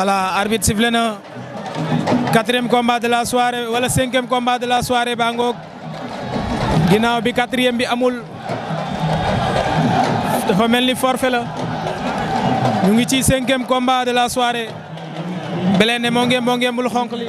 voilà arbitre sifflé na quatrième combat de la soirée wala cinquième combat de la soirée baa ngoog ginnaaw bi quatrième bi amul dafa mel ni forfait la ñu ngi ci cinquième combat de la soirée Belende moo ngeem moo ngeem bul xonk li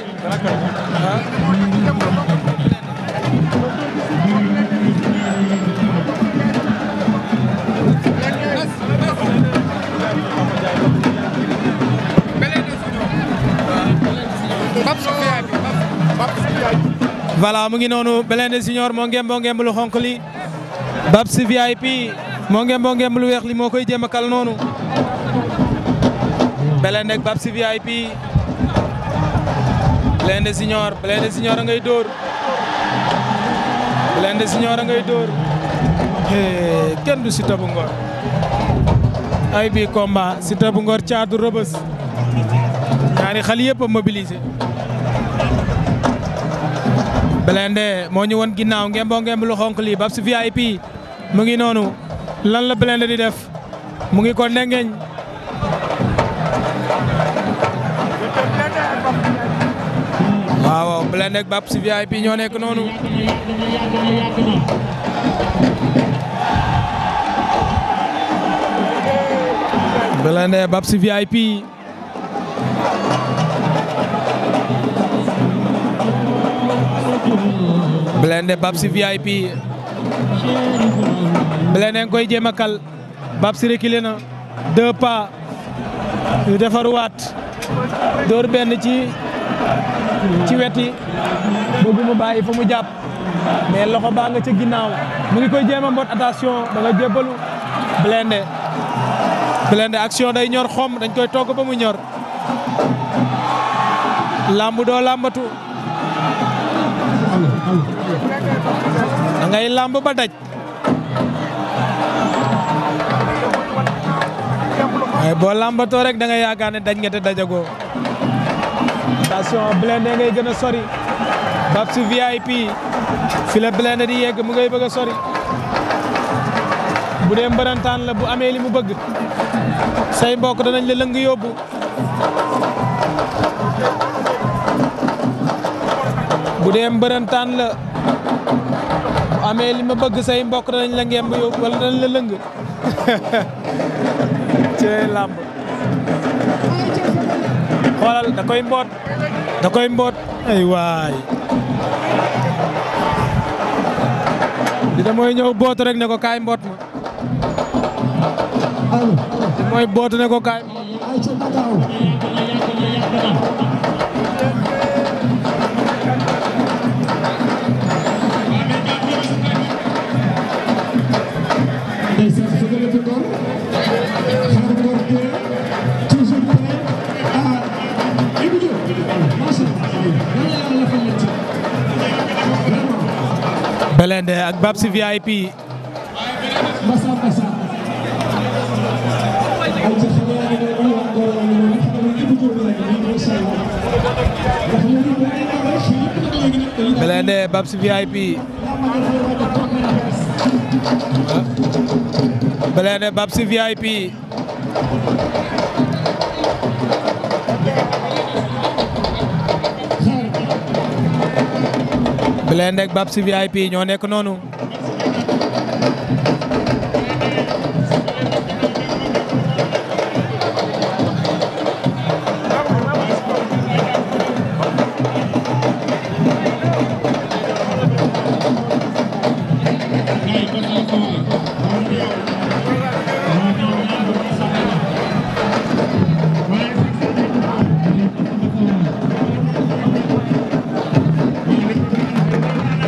voilà mu ngi noonu Blindé Junior moo ngem boo ngem lu xonk li Babs VIP moo lu weex li moo koy jéem a kal noonu Blindé ak Babs VIP Blindé Junior Blindé Junior a ngay dóor Blindé ngay dóor eh, kenn du Siteu bu Ngor ay bi combat Ngor caatu rëbës ñaari xale yëpp a Blindé moo ñu won ginnaaw ngeen boo ngeen li xonk lii Babs VIP mu ngi noonu lan la Blindé di def mu ngi ko ndengeñ waaw Blindé ak Babs VIP ñoo nekk noonu Blindé Babs VIP Blindé Babsi VIP Blindé nga koy jéem a kal Babsi reculé na deux pas yu defaruwaat dóor benn ci ci weti bëgg mu bàyyi mu jàpp mais loxo baa nga ca ginnaaw mu ngi koy jéem a mbot attention da nga jébbalu Blindé Blindé action day ñor xom dañ koy togg ba mu ñor lamb doo lambatu dangay ngay làmb ba daj waaye boo lambatoo rek da ngay yaakaar ne daj nga te dajagoo attention Blindé ngay gën a sori Babs VIP fi la Blindé di yegg mu ngay bëgg a sori bu dee mbërantaan la bu amee li mu bëgg say mbokk danañ la lëng yóbbu bu dee mbërëntaan la amee li ma bëgg say mbokk danañ la ngemb yóbbu wala danañ la lëng ci làmb xoolal da koy mboot da koy mboot ay waay di da mooy ñëw bootu rek ne ko kaay mboot ma ko Blindé ak Babsi VIP Blindé Babsi VIP Blindé Babsi VIP Blindé ak Babs VIP ñoo nekk noonu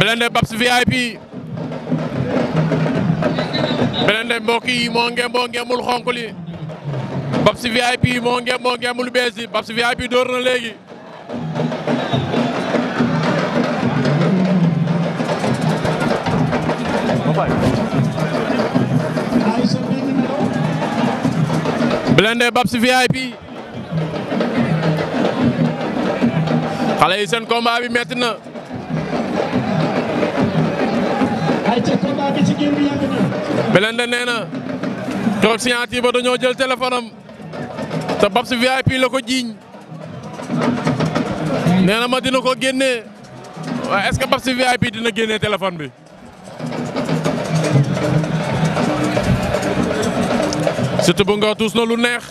Blindé Babs VIP Blindé mbokk yi moo ngeen moo ngeemul xonk li Babs VIP moo ngeen moo ngeemul bees yi Babs VIP door na léegi. Blindé Babs VIP xale yi seen combat bi metti na. Blindé nee na keroog signature ba dañoo jël téléphone am te Babs VIP la ko jiiñ nee na ma dina ko génne waaye est-ce que VIP dina génne téléphone bi. Siteu bu tuus na lu neex.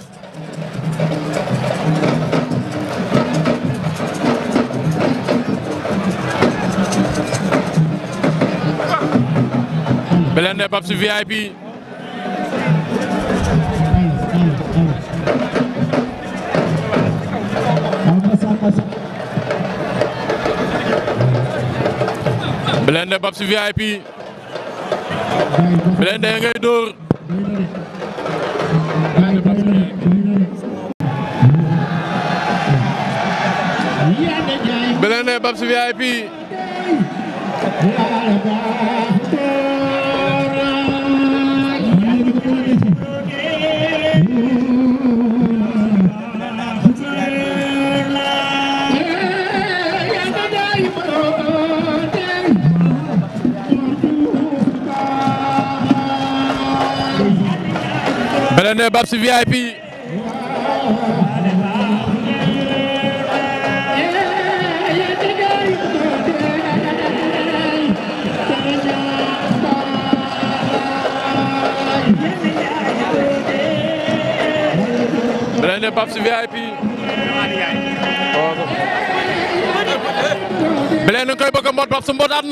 Belende ne Babs VIP Belende Babs VIP Belende VIP la ne Babs VIP la ne Babs VIP Blindé nga koy bëgg a mbot Babs mbotaat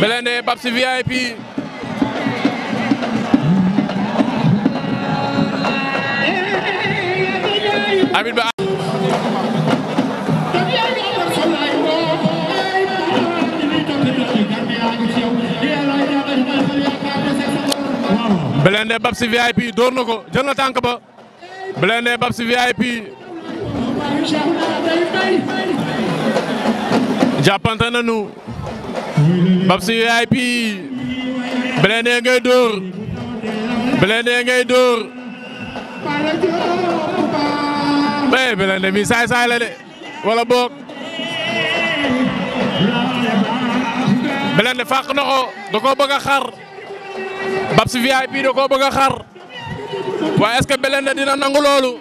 Belende Babsi VIP arbitre ba Belende Babsi VIP door na ko jël na tànk ba Belende Babsi VIP jàppante nañu Babs VIP Blindé ngay dóor Blindé ngay dóor mais eh, mi saay saay la de wala boog Blindé fàq na ko da koo bëgg a xar Babs VIP da koo bëgg xar waaye est-ce dina nangu loolu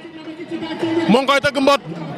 mu koy tëgg mbot.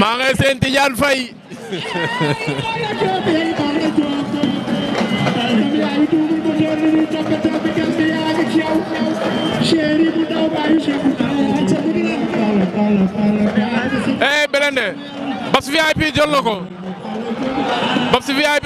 maa ngay seen Tidiane Faye eh beneen de Babs VIP jël na ko Babs VIP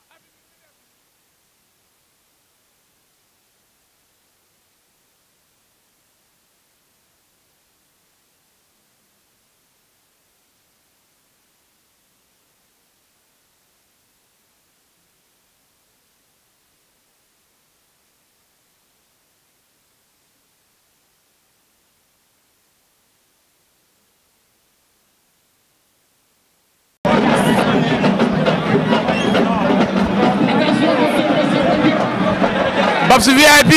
Laps VIP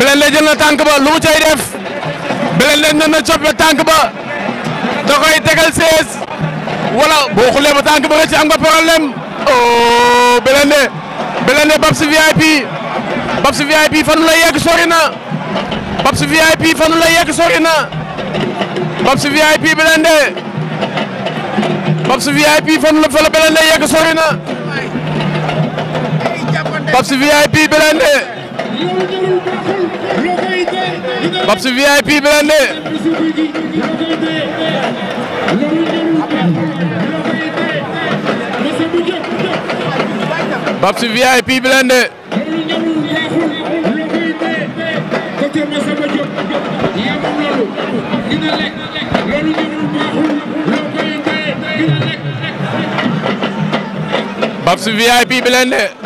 Blindé jël na tànk ba lu mu cay def Blindé na na coppe tànk ba da koy tegal sees wala boo xoolee ba tànk ba rëcc am nga problème oh Blindé Blindé Laps VIP Laps VIP fanu la yegg sori na Laps VIP fanu la yegg sori na Laps VIP Blindé Laps VIP fanu la fa la Babs VIP Belende Babs VIP Belende Babs VIP Belende Babs VIP Belende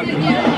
Sénégal